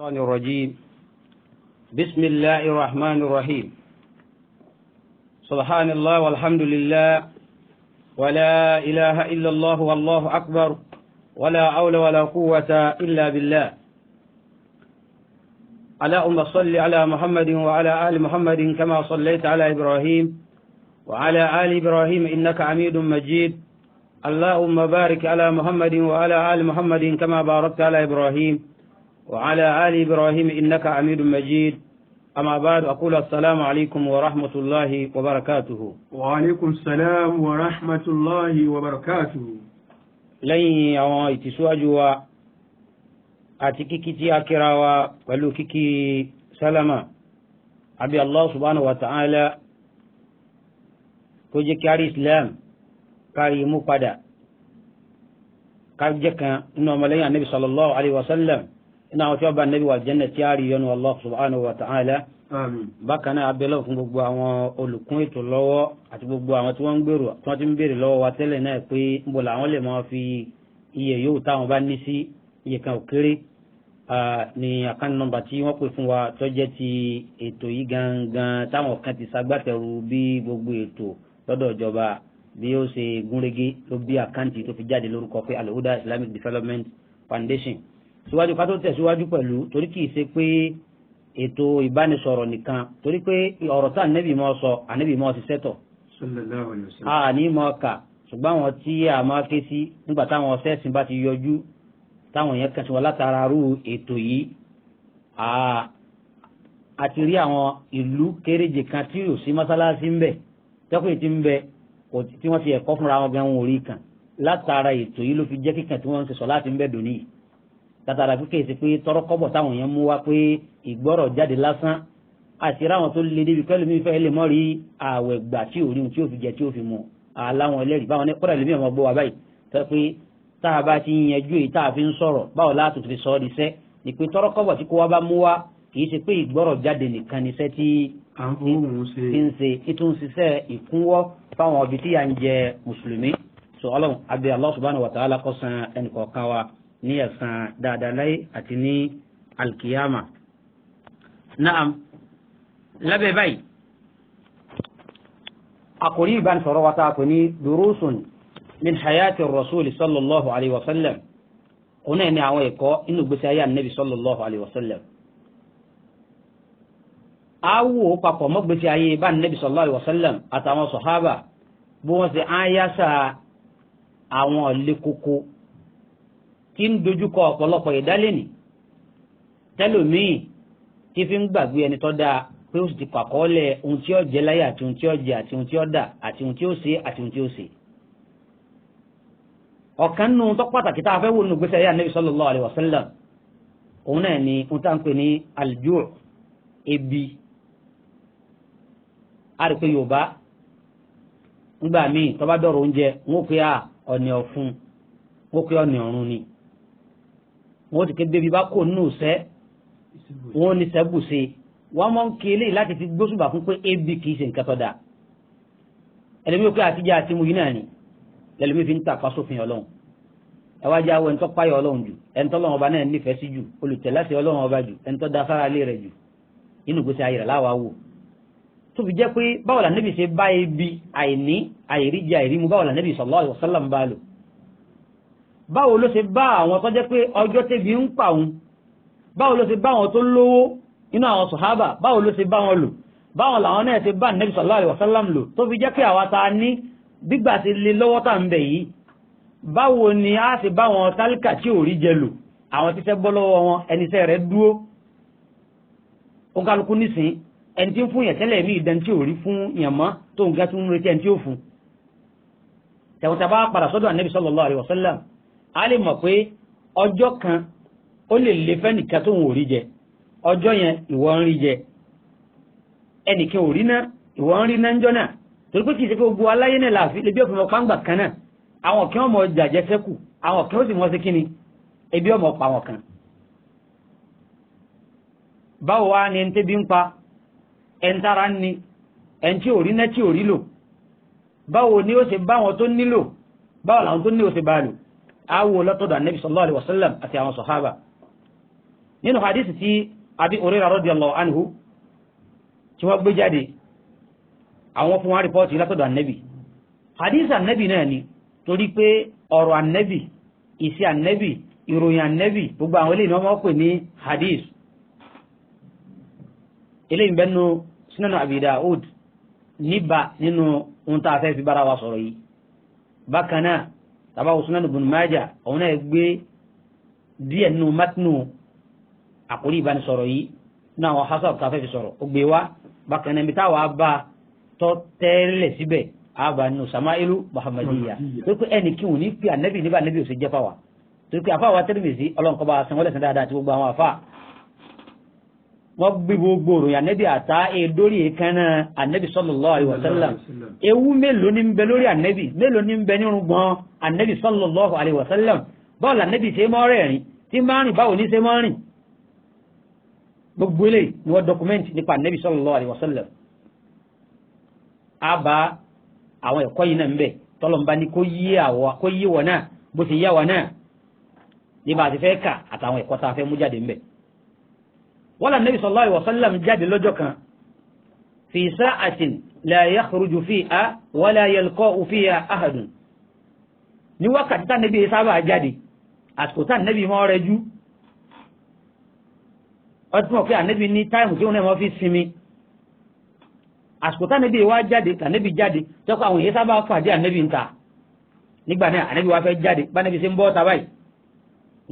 الشيطان الرجيم بسم الله الرحمن الرحيم سبحان الله والحمد لله ولا إله إلا الله والله أكبر ولا أول ولا قوة إلا بالله أم صل على محمد وعلى آل محمد كما صليت على إبراهيم وعلى آل إبراهيم إنك عميد مجيد اللهم بارك على محمد وعلى آل محمد كما باركت على إبراهيم وعلى آل إبراهيم إنك حميد مجيد أما بعد أقول السلام عليكم ورحمة الله وبركاته وعليكم السلام ورحمة الله وبركاته لن يوان اتسواجوا أتككتي أكراوا ولوككي سلما أبي الله سبحانه وتعالى kó jẹ́ kí a rí islam kárí mú padà ká jẹ́ kan nínú ọmọlẹ́yìn anabi sallallahu alayhi wa sallam iná àwọn tí wọ́n bá nẹ́bí wà jẹ́nà tí a rí yọnu allah subhanahu wa ta'ala bákan náà abẹ́lẹ̀ fún gbogbo àwọn olùkún ètò lọ́wọ́ àti gbogbo àwọn tí wọ́n ń gbèrò tí wọ́n ti ń béèrè lọ́wọ́ wa tẹ́lẹ̀ náà pé ń bọ̀ làwọn lè máa fi iye yóò táwọn bá ní sí iye kan ò kéré ní àkáǹtì nọ́mbà tí wọ́n pè fún wa tó jẹ́ ti ètò yìí gangan táwọn kan ti ṣagbátẹrù bí gbogbo ètò lọ́dọ̀ ìjọba bí ó ṣe gúnrégé ló bí àkáǹtì tó fi jáde lórúkọ pé Al-Huda Islamic Development Foundation síwájú ká tó tẹ̀síwájú pẹ̀lú torí kìí ṣe pé ètò ìbánisọ̀rọ̀ nìkan torí pé ọ̀rọ̀ tá ànábì mọ́ sọ ànábì mọ́ ti sẹ́tọ̀ àní mọ́ kà ṣùgbọ́n àwọn tí a máa ké sí nígbà táwọn ọ̀sẹ́sìn bá ti yọjú táwọn yẹn kẹsàn wọn látara rú ètò yìí a ti rí àwọn ìlú kéréje kan tí ò sí mọ́sálásí ń bẹ tẹ́kùn ti ń bẹ tí wọ́n ti ẹ̀kọ́ fúnra wọn gan wọn ò kan látara ètò yìí ló fi jẹ́ kíkan tí wọ́n ń sọ láti ń bẹ dòní yìí látara pé kèsì pé tọrọkọbọ táwọn yẹn mú wa pé ìgbọrọ jáde lásán àti ráwọn tó lé débi kẹlẹmi fẹ lè mọ rí àwẹ̀ gbà tí ò tí ò fi jẹ tí ò fi mu aláwọn ẹlẹ́rìí báwọn ní kọ́dà lèmi àwọn gbọ́ wa báyìí fẹ́ pé tá a bá ti yanjú èyí tá a fi ń sọ̀rọ̀ báwo láti fi sọ ọ́ di ni pé tọrọkọbọ tí kò wá bá mú wa kì í ṣe pé ìgbọrọ jáde nìkan ni sẹ́ tí ń ṣe ètò ìṣiṣẹ́ ìkúnwọ́ fáwọn ọbí tí à ń jẹ mùsùlùmí so ọlọ́run abẹ́ Allah subhanahu wa ta'ala kó san ẹnìkọ̀ọ̀kan wa ní ẹ̀san dáadáa láyé àti ní alkiyama naam lábẹ́ báyìí àkòrí ìbánisọ̀rọ̀ wa táa pè ní durusun min hayati rasuli sallallahu alayhi wa sallam òun ẹ̀ ní àwọn ẹ̀kọ́ inú gbèsè ayé ànábì sallallahu alayhi wa sallam awo papọ̀ mọ́ gbèsè ayé bá ànábì sallallahu alayhi wa sallam àtàwọn sọ̀hábà bí wọ́n ṣe áyásà àwọn ọ̀lẹ́kọ̀kọ̀ tí ń dojúkọ ọ̀pọ̀lọpọ̀ ìdálẹ́nì tẹ́lòmíì tí fi ń gbàgbé ẹni tó dáa pé ó sì ti pàkọ́ọ́lẹ̀ ohun tí ó jẹ láyé àti ohun tí ó jẹ àti ohun tí ó dà àti ohun tí ó ṣe àti ohun tí ó ṣe. ọ̀kan nínú tó pàtàkì tá a fẹ́ wò nínú gbèsè ayé ànábì sallallahu alaihi wasallam òun náà ni ohun tá ń pè ní aljú' ebi a yorùbá ńgbà míì tó dọ̀rọ̀ oúnjẹ wọn ò pé ọ̀nì ọ̀fun wọn ò pé ọ̀nì ọ̀run ni wọ́n ti kéde bí bá kò nù sẹ́ wọ́n ní sẹ́bù sí wọ́n mọ́ ń kele láti fi gbósùbà fún pé ab kì í ṣe nǹkan tọ́da ẹlẹ́mi ò pé àtijọ́ àti mu yìí náà ni lẹ́lẹ́mi fi ń tàpá sófin ọlọ́run ẹwájú àwọn ẹ̀ńtọ́ páyọ̀ ọlọ́run jù ẹ̀ńtọ́ lọ́wọ́ ọba náà nífẹ̀ẹ́ sí jù olùtẹ̀láṣẹ ọlọ́run ọba jù ẹ̀ńtọ́ da sára lé rẹ̀ jù inú gbèsè ayé láwa wò tó fi jẹ́ pé báwo la Nábì ṣe bá ebi àìní àìríjẹ àìrímu báwo la Nábì sallallahu alaihi wasallam bá lò báwo ló ṣe bá àwọn tó jẹ́ pé ọjọ́ tẹ́bi ń pa òun báwo ló ṣe bá àwọn tó lówó inú àwọn sọ̀hábà báwo ló ṣe bá wọn lò báwo làwọn náà ṣe bá nẹ́bí sallallahu alaihi wasallam lò tó fi jẹ́ pé àwa ta ní gbígbà ti lè lọ́wọ́ tà ń bẹ̀ yìí báwo ni a ṣe bá wọn tálíkà tí ò rí jẹ lò àwọn tíṣẹ́ bọ́ lọ́wọ́ wọn ẹniṣẹ́ rẹ̀ dúró ó nísìn ẹni tí ń fún yẹn mí ìdán tí ò rí fún yẹn tó ń gá ń retí ẹni tí ò fún tẹ̀wọ́n tàbá padà sọ́dọ̀ ànẹ́bí sallallahu alaihi wasallam a lè mọ̀ pé ọjọ́ kan ó lè lè fẹ́nìkan tó ń rí jẹ ọjọ́ yẹn ìwọ ń rí jẹ ẹnìkan ò rí náà ìwọ ń rí náà ń jọ náà torí pé kì í ṣe pé gbogbo aláyé náà làfi lè bí òfin ọ̀pá ń gbà kan náà àwọn kí wọ́n mọ jàjẹ́ sẹ́kù àwọn kí wọ́n sì mọ sí kíni ebi ọmọ pa wọn kan báwo wá ni ẹni tẹ́bi ń pa ẹni tára ń ni ẹni tí ò náà tí ò lò báwo ni ó ṣe bá àwọn tó nílò báwo làwọn tó nílò ṣe bá lò awo lọ́tọ̀dọ̀ anabi sallallahu alayhi wa sallam àti àwọn sọ̀hábà nínú hadith tí abi orira radiyallahu anhu tí wọ́n gbé jáde àwọn fún wọn rìpọ́ọ̀tì látọ̀dọ̀ anabi hadith anabi náà ni torí pé ọ̀rọ̀ anabi ìṣe anabi ìròyìn anabi gbogbo àwọn eléyìí ni wọ́n máa pè ní hadith eléyìí bẹ́ẹ̀ nu sinanu abi daud níbà nínú ohun tá fi bára wa sọ̀rọ̀ yìí bákan tàbá wo sunan ibn majah òun náà gbé díẹ̀ nínú matinu àkórí ìbánisọ̀rọ̀ yìí nínú àwọn hasan tá a fẹ́ fi sọ̀rọ̀ ó gbé wá bákan náà ibi táwa bá tọ́ tẹ́lẹ̀ síbẹ̀ àbá nínú samailu muhammadiya tó pé ẹnì kí wọn ní pé anabi níbà anabi ò sì jẹ́ fáwa tó pé àfáwa tẹ́lẹ̀ mi sí ọlọ́nkọ́ bá a sanwó lẹ́sìn dáadáa àti gbogbo àwọn àfáà wọ́n gbé gbogbo òròyìn ànẹ́bí àtá èdórí èékánná ànẹ́bí sallallahu alaihi wasallam ewu mélòó ní ń bẹ lórí ànẹ́bí mélòó ní ń bẹ nírun gbọ́n ànẹ́bí sallallahu alaihi wasallam báwo lànẹ́bí ṣe mọ́ rẹ̀rìn tí máa rìn báwo ní ṣe mọ́ rìn gbogbo ilé ni wọ́n dọkumẹ́ntì nípa ànẹ́bí sallallahu alaihi wasallam a bá àwọn ẹ̀kọ́ yìí náà ń bẹ tọ́lọ́mbá ní kó yí wọ náà bó ti yá fẹ́ kà àtàwọn ẹ̀kọ́ tá a fẹ́ mú jáde ń bẹ wọ́n lànà sallallahu alaihi wasallam jáde lọ́jọ́ kan fi sa'atin la yakhruju fiha wala yalqa'u fiha ahadun ní wákàtí tá nẹ́bí sábà jáde àsìkò tá nẹ́bí mọ́ rẹ jú ọtí mọ̀ pé ànẹ́bí ní táìmù tí ó náà mọ́ fi sinmi àsìkò tá nẹ́bí wá jáde tá nẹ́bí jáde tọ́kọ àwọn èyí sábà pàdé ànẹ́bí ń ta nígbà náà ànẹ́bí wá fẹ́ jáde bá nẹ́bí ṣe ń bọ́ ta báyìí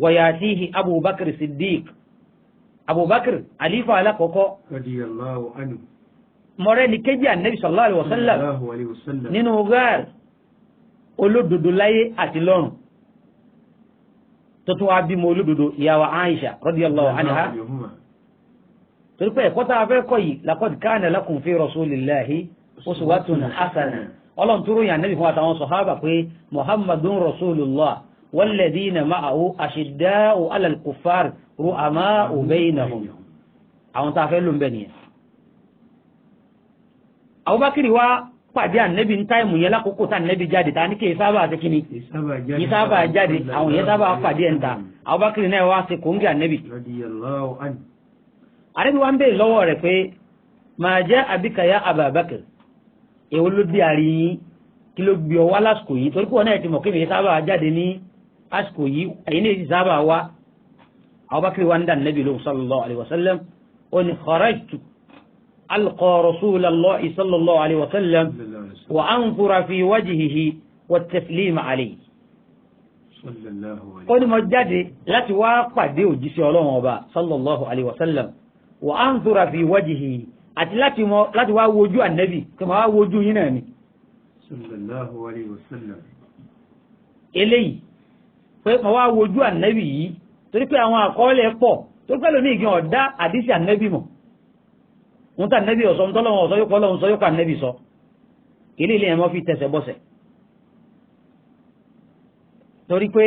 wọ̀yà síhi Abu abubakar alifa alakọkọ radiyallahu anhu mọ̀rẹ́ ni kéjì ànẹ́bì sallallahu alaihi wasallam nínú gáàr olódodo láyé àti lọ́run tó tún wá bímọ olódodo ìyàwó Aisha radiyallahu anha torí pé ẹ̀kọ́ tá a fẹ́ kọ́ yìí laqad kana lakum fi rasulillahi uswatun hasana ọlọ́run tó ròyìn ànẹ́bì fún àtàwọn sọ̀hábà pé muhammadun rasulullah والذين معه أشداء على الكفار رؤماء بينهم àwọn tá a fẹ́ ló ń bẹ̀ nìyẹn Abubakiri wá pàdé ànẹ́bí ń táìmù yẹn lákòókò tá ànẹ́bí jáde ta ní kí ìsábà àti kíni ìsábà jáde àwọn yẹn sábà pàdé ẹ̀ ń ta Abubakiri náà wá sí kòńgì ànẹ́bí. àrẹ́bí wa ń bèèrè lọ́wọ́ rẹ̀ pé màá jẹ́ àbíkàyà Abubakir èwo ló dé àárín yín kí ló gbé ọ wá lásìkò yìí torí pé wọn náà ti mọ̀ kí mi sábà jáde ní àsìkò yìí ẹ̀yin lè sábà wá abubakar wa ń dà nẹ́bí lóhùn sallallahu alayhi wa sallam ó ní kharajtu alqa rasulallah sallallahu alayhi wa sallam wa anzura fi wajhihi wa taslima alayhi. ó ní mo jáde láti wá pàdé òjíṣẹ́ ọlọ́run ọba sallallahu alayhi wa sallam wa fi wajhihi àti láti mọ láti wá wojú ànẹ́bì kí wọ́n wá wojú yín náà ni. sallallahu alayhi wa sallam pé mo wá wojú ànábì yìí torí pé àwọn àkọọ́lẹ̀ pọ̀ torí pé lónìí ìgbìyànjú ọ̀dá àdísì ànábì mọ̀ ń tà ànábì ọ̀sọ́ ń tọ́lọ́wọ́n ọ̀sọ́ yóò kọ́ lọ́wọ́ ń sọ yóò kọ́ ànábì sọ ilé ilé yẹn mọ́ fi tẹsẹ̀ bọ́sẹ̀ torí pé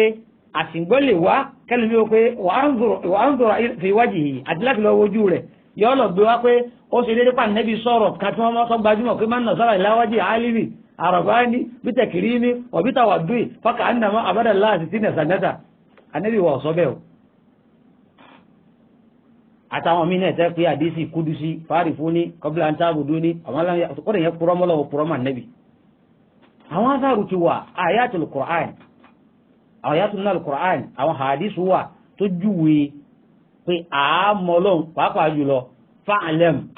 àsìngbọ́ lè wá kẹ́lẹ́ mi ó pé wà á ń zọrọ̀ fi wájì yìí àti láti lọ wojú rẹ̀ yọ ọ lọ gbé wá pé ó ṣe déédéé pàǹdẹ́bí sọ̀rọ̀ kàtí sọ gbajúmọ̀ pé má ń nà sọ́ra ìláwájì àálíbì arabani bitakrimi wa bitawadui faka annama abada allah 60 sanata anabi wa so be o àtàwọn mí náà tẹ́ pé àdísì kúdùsí fáàrí fún ní kọ́bílà ń táàbù dún ní àwọn aláwọ̀ àtúkọ́rẹ̀ yẹn purọ́ mọ́lọ́wọ́ purọ́ mà nẹ́bì àwọn asáàrù ti wà àyàtúlù kùrán àwọn àyàtúlù náà kùrán àwọn àdísù wà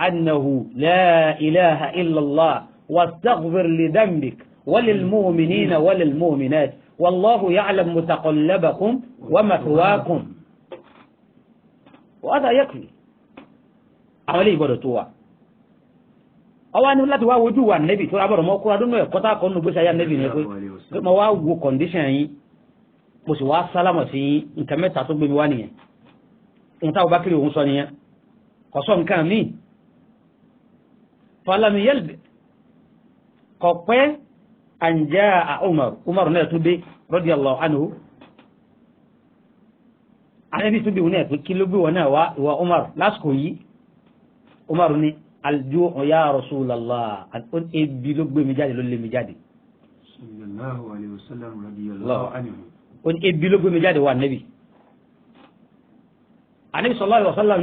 annahu la ilaha illallah واستغفر لذنبك وللمؤمنين وللمؤمنات والله يعلم متقلبكم ومثواكم وهذا يكفي عملي برتوا أو أن الله توه وجو النبي ترى برو ما كورا دونه كتا كونو بس يا النبي نقول ما هو هو كونديشن هي بس هو سلام فيه إن كم تاتو بيواني إن تاو بكري ونصانيه خصوصا كامي فلم يلبث kọ̀pẹ́ àǹjá Umar Umar náà tún dé radiyallahu anhu anabi tún bí wọn náà pé kí ló bí wọn náà wá ìwà Umar lásìkò yìí Umar ní aljuhu ya Rasulallah ebi ló gbé mi jáde ló lé mi jáde. sallallahu alayhi ló gbé jáde wà nábì anabi sọlá yọ sọlá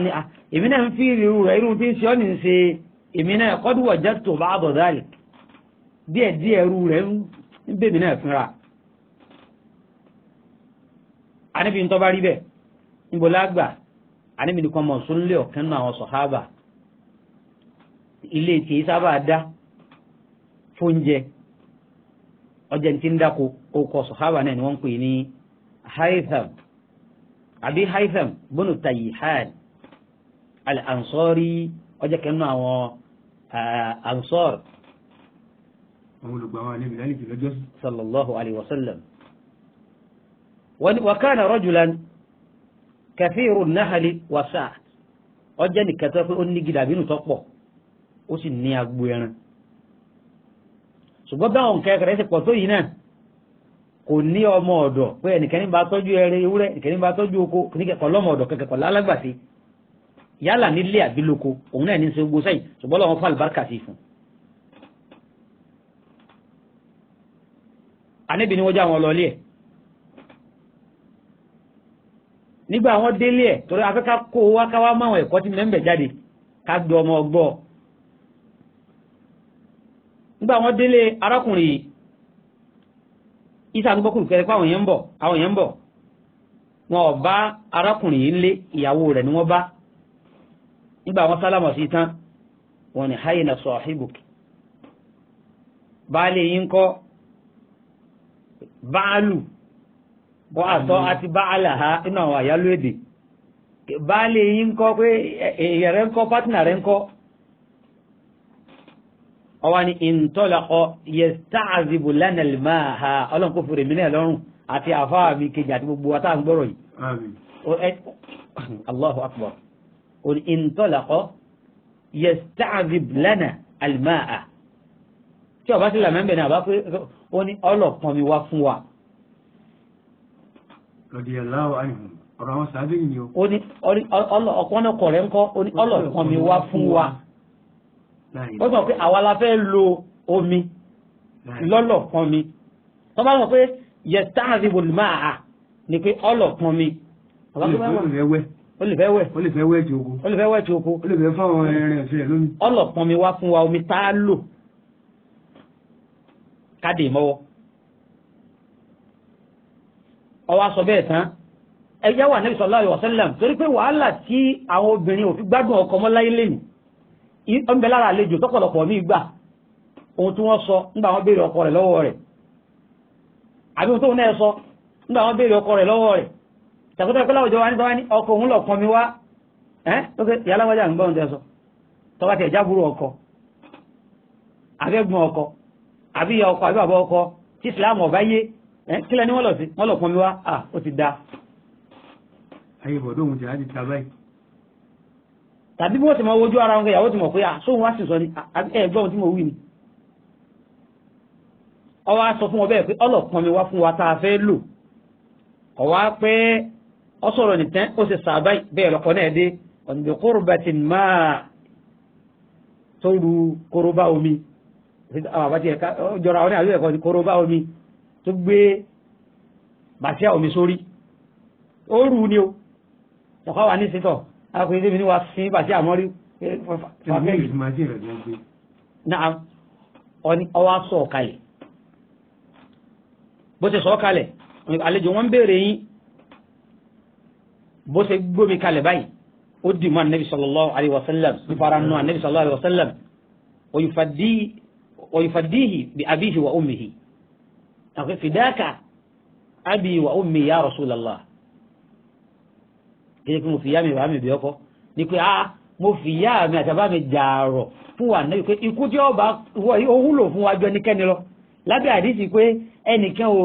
èmi náà ń fi irú rẹ irú tí ń ṣe ọ́ ní ṣe èmi náà qad wajadtu ba'da dhalik díẹ̀ díẹ̀ ẹrú rẹ̀ ń bèmí náà fínra anábì tó bá rí bẹ́ẹ̀ níbo lágbà nìkan mọ̀ sólé ọ̀kan náà àwọn sọ̀hábà ilé tí sábà dá fóúnjẹ ọjà tí ń dáko sọ̀hábà ni wọ́n ń pè ní àbí al ọjà àwọn eh, àwọn olùgbàwà níbi lálejò lọ́jọ́ sí. sallallahu alayhi wa sallam wa kana rajulan kathiru nahali wa sa'a ọjọ́ nìkan tó pé ó ní gidà bínú tó pọ̀ ó sì ní agbo ẹran ṣùgbọ́n báwọn nǹkan ẹ̀kẹ́rẹ́ ti pọ̀ tó yìí náà kò ní ọmọ ọ̀dọ̀ pé ẹnìkan ní bá tọ́jú ẹrẹ ewúrẹ́ ẹnìkan ní bá tọ́jú oko kìnnìkẹ́kọ̀ọ́ lọ́mọ ọ̀dọ̀ kẹ̀kẹ́kọ̀ lálágbàsí yálà nílé àbílòko òun náà ní í ṣe gbogbo sẹ́yìn ṣùgbọ́n lọ́wọ́ fún àlùbáríkà sí ànábì ni wọ́n já wọn lọ lé ẹ̀ nígbà wọn délé ẹ̀ torí afẹ́ká kó wá ká wá máwọn ẹ̀kọ́ tí mẹ́mbẹ̀ jáde ká ọmọ ọgbọ́ nígbà wọn délé arákùnrin yìí isa gbọ́kùn kẹrẹ pé àwọn èèyàn ń bọ̀ àwọn èèyàn ń bọ̀ wọn ò bá arákùnrin yìí lé ìyàwó rẹ̀ ni wọ́n wọn sálámọ̀ báàlù wọ́n àtọ́ hmm. àti báàlà ha inú àwọn àyálò èdè báàlì yìí ń kọ́ pé èèyàn rẹ̀ ń kọ́ pátínà rẹ̀ ń kọ́ ọwọ́ ni ìntọ́lọ́kọ yẹ̀stáàzìbò lánàlmá ha ọlọ́run kò fèrè mí náà lọ́rùn àti àfáà mi kejì àti gbogbo wa ń gbọ́rọ̀ yìí. Allahu akbar. ìntọ́lọ́kọ yẹ̀stáàzìbò lánàlmá ha tí ọba ti là mẹ́mbẹ̀ ní àbá pé ó ní ọlọ́pọ̀n mi wá fún wa. radiyallahu anhu ọ̀rọ̀ àwọn sàádé yìí o. rẹ̀ ń kọ́ ó ní ọlọ́pọ̀n mi wá fún wa. ó sọ pé àwa la fẹ́ lo omi lọ́lọ́pọ̀n mi. wọ́n bá sọ pé yasta'dhibu al-ma'a ni pé ọlọ́pọ̀n mi. ó lè tí oko ó lè tí oko ó lè fáwọn ẹran ẹ̀fẹ́ lómi. ọlọ́pọ̀n mi wá fún wa omi tá a lò ká dè mọ́wọ́ ọwọ́ aṣọ bẹ́ẹ̀ tán ẹ̀yà wà Nabi sallallahu alaihi torí pé wàhálà tí àwọn obìnrin ò fi gbádùn ọkọ mọ́ láyé lẹ́nu ọmọbẹ lára àlejò tọ́pọ̀lọpọ̀ mi gbà ohun tí wọ́n sọ nígbà wọn béèrè ọkọ rẹ̀ lọ́wọ́ rẹ̀ àbí ohun tó náà sọ nígbà wọn béèrè ọkọ rẹ̀ lọ́wọ́ rẹ̀ tàbí láwùjọ wani òun lọ̀kan mi àbí ya ọkọ àbí bàbá ọkọ tí ìsìláàmù ọ̀bá yé kílẹ̀ ni wọ́n lọ sí wọ́n lọ ti da. ayé bọ̀dọ̀ òun jẹ́ báyìí. tàbí bí wọ́n ti mọ ojú ara wọn ìyàwó ti mọ̀ pé àsóhun wá sì sọ ni ẹ gbọ́n tí mo wí ni. ọwọ́ sọ fún wọn bẹ́ẹ̀ pé ọlọ̀ tá a fẹ́ lò ọwọ́ pé ọ sọ̀rọ̀ nìtẹ́ ó àwọn àbájá ẹ̀ka jọra wọn ní àbí ẹ̀kọ́ ti kóró bá omi tó gbé bàtíà omi sórí ó rù ni o ọkọ wa ní sítọ̀ akọ̀yẹ́ tẹ́mi ní wa sí bàtíà mọ́rí ọwọ́ sọ ọ̀kalẹ̀ bó ṣe sọ ọ̀kalẹ̀ àlejò wọn béèrè yín bó ṣe gbómi kalẹ̀ báyìí ó dì mọ́ anabi sallallahu alayhi wa nù anabi òyìnfà díì. ويفديه بأبيه وأمه فداك أبي وأمي يا رسول الله kìí mo fi yá mi bàá mi bí ah, mo fi yá mi àtàbá mi jààrọ fún wa náà pé ikú tí ọba wúlò fún wa jọ ẹnikẹ́ni lọ lábẹ́ àdìsí pé ẹnìkan ò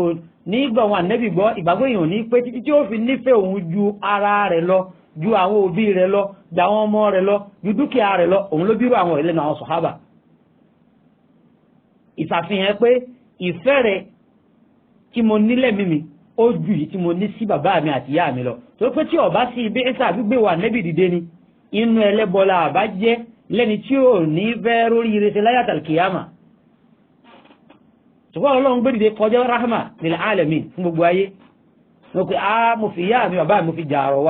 ní gbọ́ àwọn ànẹ́bì gbọ́ ìgbàgbọ́ èèyàn ní pé títí tí ó fi nífẹ̀ẹ́ òun ju ara rẹ̀ lọ ju àwọn òbí rẹ̀ lọ ju àwọn ọmọ rẹ̀ lọ ju dúkìá rẹ̀ lọ òun ló bírò àwọn ìlẹ́nu àwọn sọ̀hábà ìsàfihàn pé ìfẹ́ rẹ tí mo nílẹ̀ mímí ó ju yìí tí mo ní sí bàbá mi àti ìyá mi lọ tó pé tí ọba sí ibi ẹsà gbígbé wà nẹ́bì dìde ni inú ẹlẹ́bọlá àbá jẹ́ lẹ́ni tí ò ní bẹ́ rórí irese láyàtà kìyàmà ṣùgbọ́n ọlọ́run gbé dìde kọjá rahma nílẹ̀ alẹ́mí fún gbogbo ayé mo pe a mo fi ìyá mi bàbá mi fi jàrọ̀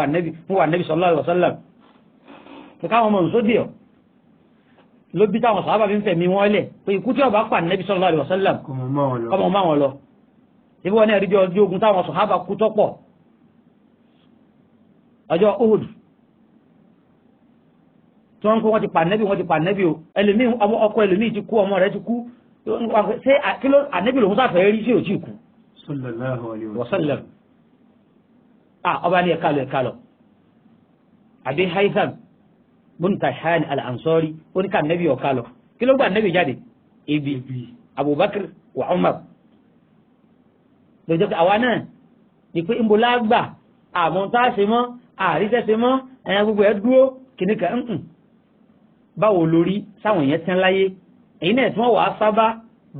wà nẹ́bì sọlá ìwọ̀sálàm kí káwọn ọmọ nìsó dìọ̀ ló bí táwọn sábà fi ń fẹ̀mí wọn lẹ̀ pé ikú tí ọba pa nẹ́bí sallallahu alaihi wasallam kọmọ máa wọn lọ ibi wọn náà rí jọ ogun táwọn sàhábà kú tọ́pọ̀ ọjọ́ Uhud tí wọ́n ń kó wọ́n ti pa nẹ́bí wọ́n ti pa nẹ́bí o ẹlòmíì ọkọ ẹlòmíì ti kú ọmọ rẹ̀ ti kú ṣé kíló ànẹ́bí lòun sáfẹ́ rí sí òtí kú sallallahu alaihi wasallam buntahan al-ansori ó ní ká nẹ́bí ọ̀ka lọ kí ló gbà nẹ́bí jáde ebi abubakar wa umar lójó àwa náà ni pé ń bo lágbà àmọ́ tá a ṣe mọ́ àríṣẹ́ ṣe mọ́ ẹ̀yàn gbogbo ẹ̀ dúró kìnnìkan ń báwo lórí sáwọn èèyàn tán láyé èyí náà tí wọ́n wàá sábà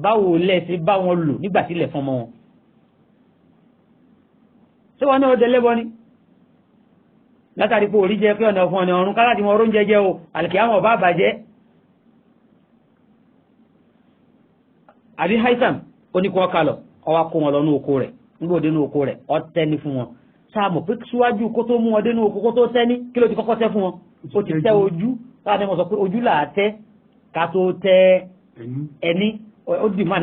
báwo lẹ́ẹ̀sì bá lò nígbà tí ilẹ̀ fọmọ wọn. ṣé wọn náà ó dẹlẹ́bọ ni. látàrí pé orí jẹ́ pé ọ̀nà ọ̀fún ọ̀nà ọ̀run kálá ọrụ wọn oró o àlìkìyàmọ̀ bá bàjẹ́ àbí haitham ó ní kí wọ́n ọwá kó wọn oko rẹ̀ nígbò oko rẹ̀ ọ tẹ́ni fún wọn sáàmù pé síwájú kó tó mú wọn ní oko kó tó tẹ́ni kí ló ti kọ́kọ́ tẹ́ fún wọn ó ti tẹ́ ojú sọ pé ojú ká tó tẹ́ ẹni ó dì máa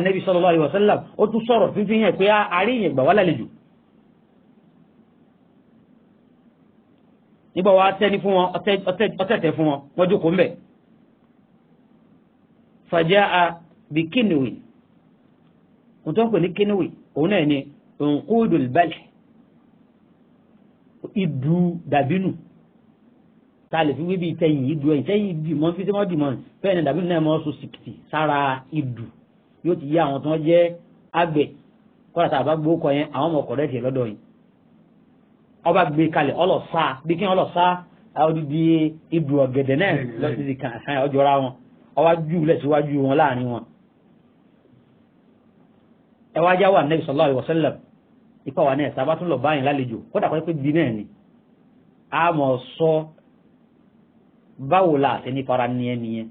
ó tún nígbà wa tẹ́ni fún wọn ọ̀tẹ̀tẹ̀ fún wọn wọ́n jókòó ń bẹ̀. fàjá a bí kíniwì wọ́n tó ń pè ní kíniwì òun náà ni nkúdù balẹ̀ idu dàbínù tá a lè fi wíbi ìtẹ̀yìn idu ẹ̀yìn tẹ́yìn ibi mọ́ fi tẹ́wọ́n dì mọ́ bẹ́ẹ̀ ni dàbínù náà mọ́ so sìkìtì sára idu yóò ti yé àwọn tó ń jẹ́ àgbẹ̀ kọ́ra tá a bá gbó kọ yẹn àwọn ọmọ ọkọ̀ rẹ̀ tiẹ̀ lọ́dọ̀ yìí ọba gbé kalẹ̀ ọlọ́sà bí kí ọlọ́sà odidi ibù ọ̀gẹ̀dẹ̀ náà lọ́sídìí kan ọjọ́ra wọn ọwá jù lẹ̀ síwájú wọn láàrin wọn. ẹ wá jáwọ́ ànábì sallallahu alaihi wasallam ipa wà náà sábà tún lọ báyìí lálejò kódà kọ́ pé bí náà ni a mọ̀ sọ báwo la àti nípara nìyẹn nìyẹn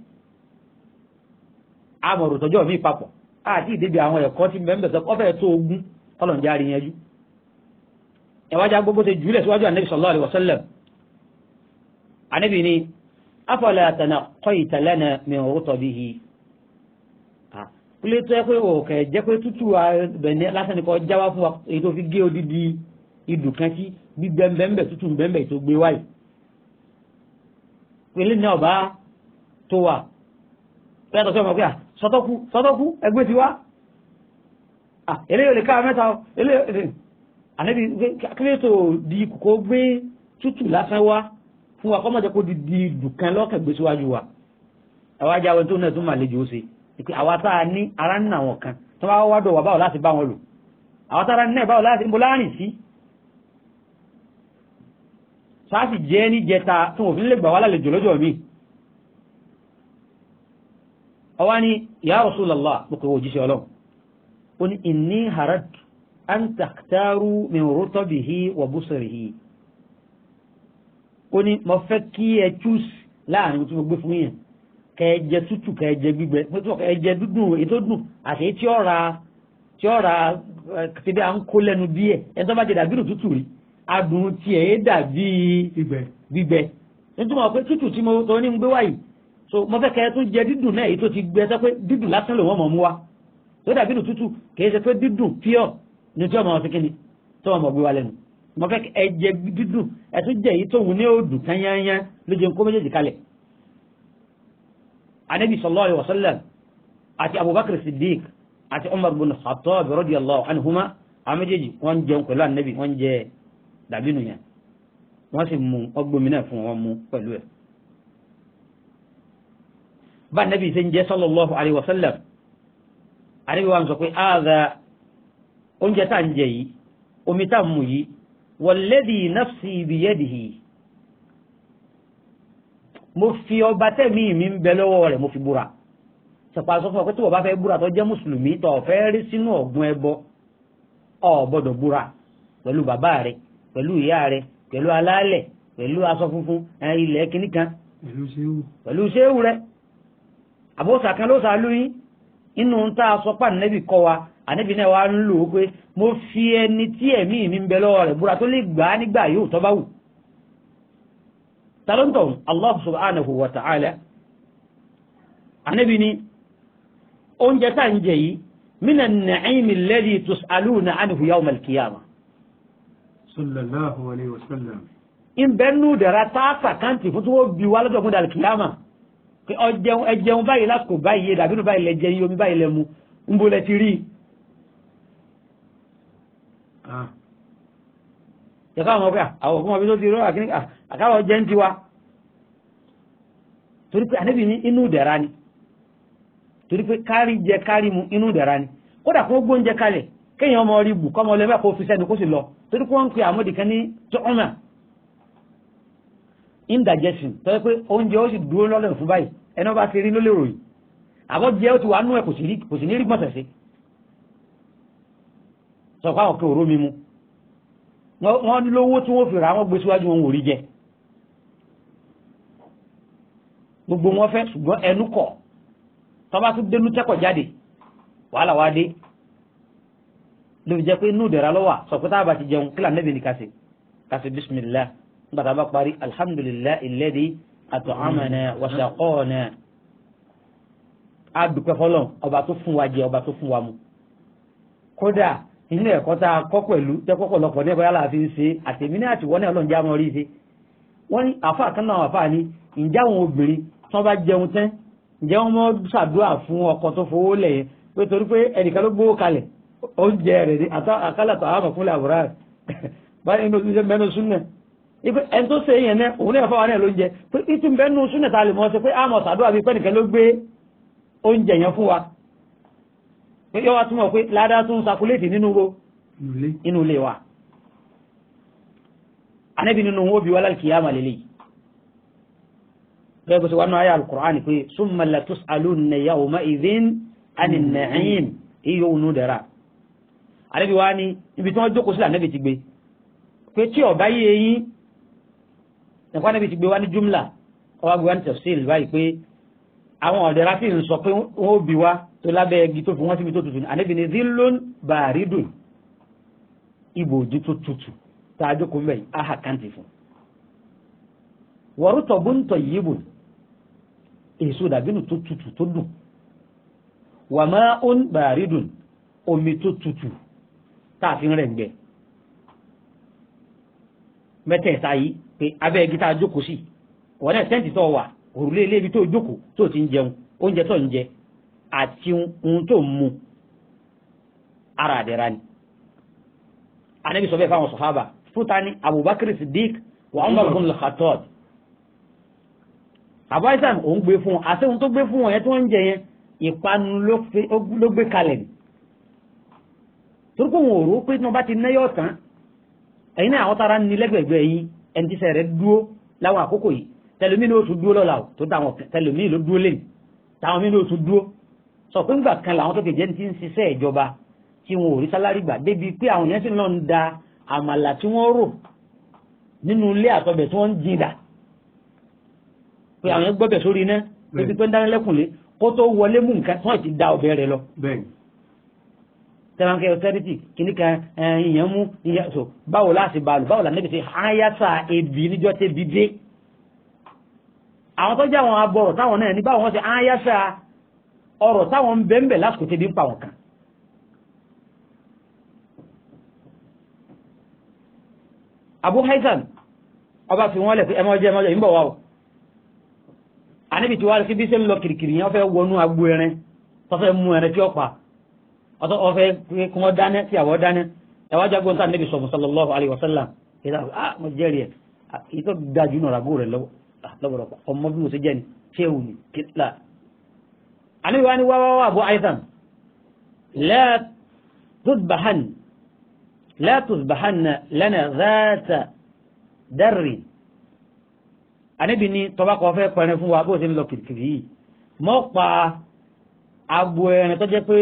a mọ̀ rò tọ́jọ́ mi papọ̀ àti ìdíbi àwọn ẹ̀kọ́ tí mẹ́mbẹ̀sẹ̀ kọ́fẹ́ tó ogún tọ́lọ̀ ń járe yẹn jú ẹ̀wájá gbogbo ṣe jùlẹ̀ síwájú ànábì sallallahu alaihi wasallam ànábì ni afala tanaqaita lana min rutbihi kúlé tó yẹ pé òkè jẹ́ pé tútù bẹ̀ni lásán ni kò jáwá fún wa èyí tó fi gé odidi idùn kan sí gbígbẹ́ ńbẹ́ńbẹ́ tútù ńbẹ́ńbẹ́ tó gbé wáyé pẹ̀lú ní ọ̀bá tó wà pẹ́ẹ́tọ̀ sọ́mọ̀ pé sọ́tọ́kú sọ́tọ́kú ẹgbẹ́ ti wá eléyìí ò lè ká mẹ́ta eléyìí ànábi akérè di kòkó gbé tútù lásán wá fún wa kọ́mọ̀jẹ́ kó di di dùkan lọ́kàn gbé síwájú wa àwa jẹ́ àwọn tó náà tún màlejò ó ṣe pé àwa tá a ní ara ń nà wọn kan tó bá wá dọ̀ wá báwo láti bá wọn lò àwa tá a ní báwo láti ń láàrin sí sáàsì jẹ́ ní jẹta tí wọ́n fi lè gbà wá lálejò lọ́jọ́ mi ọwá ni ya Rasulullah pòkè òjíṣẹ́ ọlọ́run ó ní inni haradu an takhtaru من rutabihi وبصره. busrihi ó ní mo fẹ́ kí ẹ choose láàrin tí mo gbé fún yẹn kẹjẹ tútù kẹjẹ gbígbẹ kẹjẹ dúdùn èyí tó dùn àti tí ó ra tí ó ra ti bí à ń kó lẹ́nu díẹ̀ ẹni tó bá ti dàbí tútù rí adùn tiẹ̀ yé dàbí gbígbẹ nítorí pé tútù tí mo tó ní ń gbé wáyìí so mo fẹ́ kẹ́ tó jẹ dídùn náà èyí tó ti gbẹ sọ pé dídùn lásán lòun ọmọ mu wa tó dàbí tútù kì í ṣe pé dídùn pure ní tí ọmọ ọ̀sìn kíni tí ọmọ ọ̀gbé wa lẹ́nu mo fẹ́ ẹ̀jẹ̀ dídùn ẹ̀tún jẹ́ èyí tóun ní òdùn kányányá lójú nǹkó méjèèjì kalẹ̀ anabi sallallahu alayhi wa sallam àti abubakar siddiq àti umar bin khattab radiyallahu anhuma àwọn méjèèjì wọ́n jẹun pẹ̀lú anabi wọ́n jẹ dàbínú yẹn wọ́n sì mú ọgbọ́n mi náà fún wọn mú pẹ̀lú ẹ̀ bá anabi ṣe ń jẹ sallallahu alayhi wa sallam anabi wa sọ pé áàdà oúnjẹ tá à ń jẹ yìí omi tá à ń mu yìí walladhi nafsi biyadihi mo fi ọba tẹ̀mí mi ń bẹ lọ́wọ́ rẹ̀ mo fi búra sọ̀pá sọ fún ọ pé tí wọ́n bá fẹ́ búra tó jẹ́ mùsùlùmí tó fẹ́ rí sínú ọ̀gbun ẹbọ ò gbọ́dọ̀ búra pẹ̀lú bàbá rẹ̀ pẹ̀lú ìyá rẹ̀ pẹ̀lú alálẹ̀ pẹ̀lú aṣọ funfun ilẹ̀ kìíní kan pẹ̀lú ṣéwù rẹ̀ àbóṣà kan ló sàálù inú ń tá a pàǹdẹ́bì kọ́ wa ànábì náà wàá ń lò ó pé mo fi ẹni tí ẹ̀mí mi ń bẹ lọ́wọ́ rẹ̀ búra tó lè gbà á nígbà yóò tọ́ bá wù tàlóńtọ̀ Allah subhanahu wa ta'ala ànábì ni oúnjẹ tá ń jẹ yìí mina nàìmí lẹ́dí tusaluna anhu yawm al-qiyama. sallallahu alayhi wa sallam. ń bẹ́ dara táàkà kántì fún tí wọ́n bí wàlúùdọ̀ fún dàlùkìyàmà ẹjẹun báyìí lásìkò báyìí dàbínú báyìí lẹ yomi báyìí lẹ ń bolẹ̀ ti rí i. Ah. yàtọ̀ ah, àwọn ọ̀pẹ́ àwọn ọ̀pẹ́ ọ̀pẹ́ tó ti rọ́ àkíní ah, àkàwọ̀ jẹ́ ń tiwa torí pé ànábì ní inú dẹ̀ra ni torí pé kárí jẹ kárí mu inú dẹ̀ra ni kódà kó gbóúnjẹ kalẹ̀ kéèyàn ọmọ rí bù kọ́mọ lẹ́fẹ̀ẹ́ kó fi sẹ́nu kó sì lọ torí pé wọ́n ń pe àmọ́dì kan ní tọ́ọ̀nà indigestion tọ́jú pé oúnjẹ ó sì dúró lọ́lẹ̀ fún báyìí ẹni wọ́n bá ti rí lólè ròyìn àbọ̀jẹ́ ó ti wà nú ẹ̀ kò sì ní rí gbọ̀nsẹ̀ sí sọ fún àwọn kan òró mi mu wọ́n lówó tí wọ́n fi rà wọ́n gbé síwájú wọn ò rí jẹ gbogbo wọn fẹ́ ṣùgbọ́n ẹnu kọ̀ tọ́ba tún dénú tẹ́kọ̀ jáde wàhálà wá dé ló fi jẹ́ pé inú ìdẹ̀ra lọ́wà sọ pé táàbà ti jẹun kílà nẹ́bì ní kàṣe kàṣe bismillah nígbà tá a bá parí alhamdulillah alladhi at'amana wa saqana a ọba tó fún wa jẹ ọba tó fún wa mu kódà ilé ẹ̀kọ́ tá a kọ́ pẹ̀lú tẹ́kọ́ pọ̀lọpọ̀ ní ẹ̀kọ́ yálà fi ń ṣe àtẹ̀mí náà àtiwọ́ náà lọ́njà mọ́ rí ṣe wọ́n ní àfa kan náà àfa ni ǹjẹ́ àwọn obìnrin tí wọ́n bá jẹun tán ǹjẹ́ wọ́n mọ́ ṣàdúrà fún ọkọ tó fowó lẹ̀ yẹn pé torí pé ẹnìkan ló gbówó kalẹ̀ oúnjẹ rẹ̀ ni àkálàtọ̀ àwọn àmọ̀kúnlẹ̀ àbúrà báyìí inú oúnjẹ pé yọ́ wá túnmọ̀ pé ládá tún sakuléètì nínú ro inú ilé wa anẹ́bí nínú wọ́n bí wá lálkìyàmà lélẹ̀ gẹ́gẹ́ bó ṣe wà nínú àyà alukur'ani pé summa la tus'alunna yawma idhin anin na'im iyo unu dara anẹ́bí wa ni ibi tí wọ́n jókòó sílẹ̀ anẹ́bí ti gbé pé tí ọ̀bá yìí ẹ̀yìn ẹ̀kọ́ anẹ́bí ti gbé wá ní jumla ọwọ́ gbé wá ní tafsil báyìí pé àwọn ọ̀dẹ̀ra sì ń sọ pé wọ́n bí wá tó lábẹ́ ẹgi tó fi wọ́n síbi tó tutù ní àníbi ní zilon bàrídùn ibòji tó tutù tá a jókòó mẹ́yìn áhà kàǹtì fún. wọ́rútọ̀ bó ń tọ̀ yìí bò èso dàbínú tó tutù tó dùn wà máa ń bàrídùn omi tó tutù tá rẹ̀ ń gbẹ. mẹ́tẹ̀ẹ̀ta yìí pé abẹ́ ẹgi tá a sí wọ́n náà sẹ́ǹtì tó wà òrùlé ilé ibi tó jókòó tó ti ń jẹun oúnjẹ tó ń jẹ àti ohun tó ń mu ara àdẹ̀ra ni anabi sọ bẹ́ẹ̀ fáwọn sọ̀hábà fúta ní abubakar siddiq wa umar ibn al-khattab abaisan òun gbé fún wọn àti ohun tó gbé fún wọn yẹn tó ń jẹ yẹn ìpanu ló gbé kalẹ̀ ni torí pé wọn ò rò pé tí wọn bá ti náyọ̀ tán ẹ̀yin náà àwọn tára ní lẹ́gbẹ̀gbẹ̀ yìí ẹni tí sẹ́rẹ̀ dúró láwọn àkókò yìí tẹlomi ló tún dúró lọ́la o tó dáwọn tẹlomi ló dúró lẹ́yìn táwọn mi ló tún dúró sọ pé ńgbà kan làwọn tó kejì ti ń ṣiṣẹ́ ìjọba tí wọn ò rí sálárì gbà débi pé àwọn yẹn sì lọ ń da àmàlà tí wọ́n rò nínú ilé àtọbẹ̀ tí wọ́n ń jìndà pé àwọn yẹn gbọ́bẹ̀ sórí iná débi pé ń dáná lẹ́kùnlé kó tó wọlé mú nǹkan tí wọ́n ti da ọbẹ̀ rẹ lọ. tẹ̀wọ̀nkẹ́ authority kìíní kan ìyẹn mú ìyẹn so báwo láti balù báwo làǹdẹ́bí ṣe háyásá ebi níjọ́ tẹ́bi dé. àwọn tó jáwọn àwọn táwọn náà nígbà wọn ṣe áyáṣà ọ̀rọ̀ táwọn ń bẹ̀m̀bẹ̀ lásìkò tẹ́bí ń pa kan Abu Haytham ọba fi wọ́n lẹ̀ pé ẹmọ́jẹ́ ẹmọ́jẹ́ ìbọ̀ wà a níbi tí wà sí bí ṣe ń lọ kìrìkìrì yẹn ọfẹ́ wọnú agbo ẹrin tọ́fẹ́ mú tí ó pa tí ah, ẹwà ah, níbi Ah, lọ́bọ̀rọ̀ ọmọ bí mo ṣe jẹ́ ni ṣéwù ni kílà àníbi wá ní wá wá bọ́ àìsàn látùsbàhánà lẹ́nà záàtà dárì àníbi ni tọba kọ fẹ́ pẹ̀rẹ̀ fún wa bó ṣe ń lọ kìrìkìrì yìí mọ́ pa agbo ẹran tó jẹ́ pé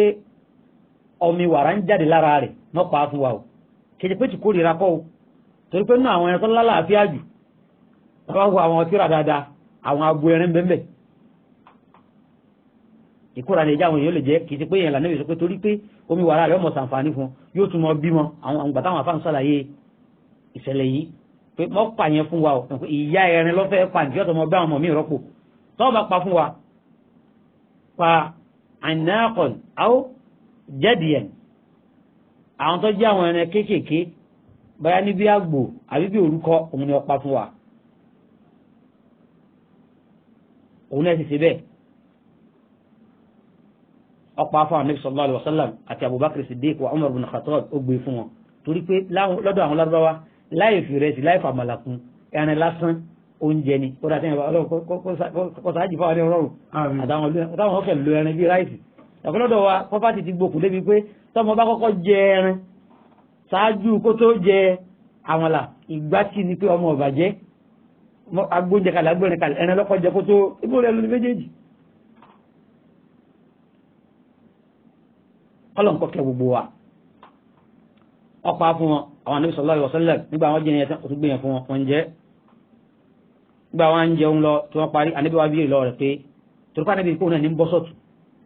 omi wàrà ń jáde lára rẹ̀ mọ́ pa fún wa o kejì pé tí kórìíra kọ́ o torí pé nínú àwọn ẹran tó lálàáfíà jù tàbá wọ àwọn tíra dáadáa àwọn agbo ẹrin bẹ́ẹ̀ ìkóra lè jẹ́ àwọn èèyàn lè jẹ́ kì í ṣe pé èèyàn lànà ìṣòpé torí pé omi wàrà rẹ̀ ọmọ sàǹfààní fún yóò tún mọ bímọ àwọn àgbà táwọn afáàn sàlàyé ìṣẹ̀lẹ̀ yìí pé mọ́ pa yẹn fún wa o ìyá ẹrin lọ́fẹ́ pa nìjọ́ tó mọ bá àwọn ọmọ mi rọ́pò tọ́wọ́ bá pa fún wa pa àìnáàkọ̀n àó jẹ́dìẹ̀ àwọn tó jẹ́ àwọn ẹran kéékèèké báyá níbi àgbò àbí bí òun ni ó pa fún wa òun náà sì ṣe bẹ́ẹ̀ ọ̀pọ̀ afọ anabi sallallahu alayhi wa sallam àti abubakar siddiq wa umar bin khattab ó gbé fún wọn torí pé lọ́dọ̀ àwọn lárúbáwá láì fi rẹsì láì fa màlàkùn ẹran lásán oúnjẹ ni kó dàtẹ́ ìyàbá ọlọ́run kó sáájì fáwọn ẹni rọrùn àtàwọn ọkẹ́ lo ẹran bíi ráìsì àkọlọ́dọ̀ wa pọ́pátì ti gbòkù débi pé tọ́mọ bá kọ́kọ́ jẹ ẹran ṣáájú kó tó jẹ àmàlà ìgbà tí ni pé ọmọ ọ̀bàjẹ́ agbóúnjẹ kalẹ̀ agbóúnjẹ kalẹ̀ ẹran lọ́kọ̀ jẹ kó tó ibú rẹ̀ lórí méjèèjì ọlọ́nkọ́ kẹ gbogbo wa ọ̀pá fún wọn àwọn anábì sallallahu alaihi wasallam nígbà wọn jẹ ẹyẹtán òtún gbìyàn fún wọn jẹ nígbà wọn ń jẹun lọ tí wọn parí anábì wa bí ìlọ rẹ pé torípa anábì kóhùn náà ní bọ́ sọ̀tún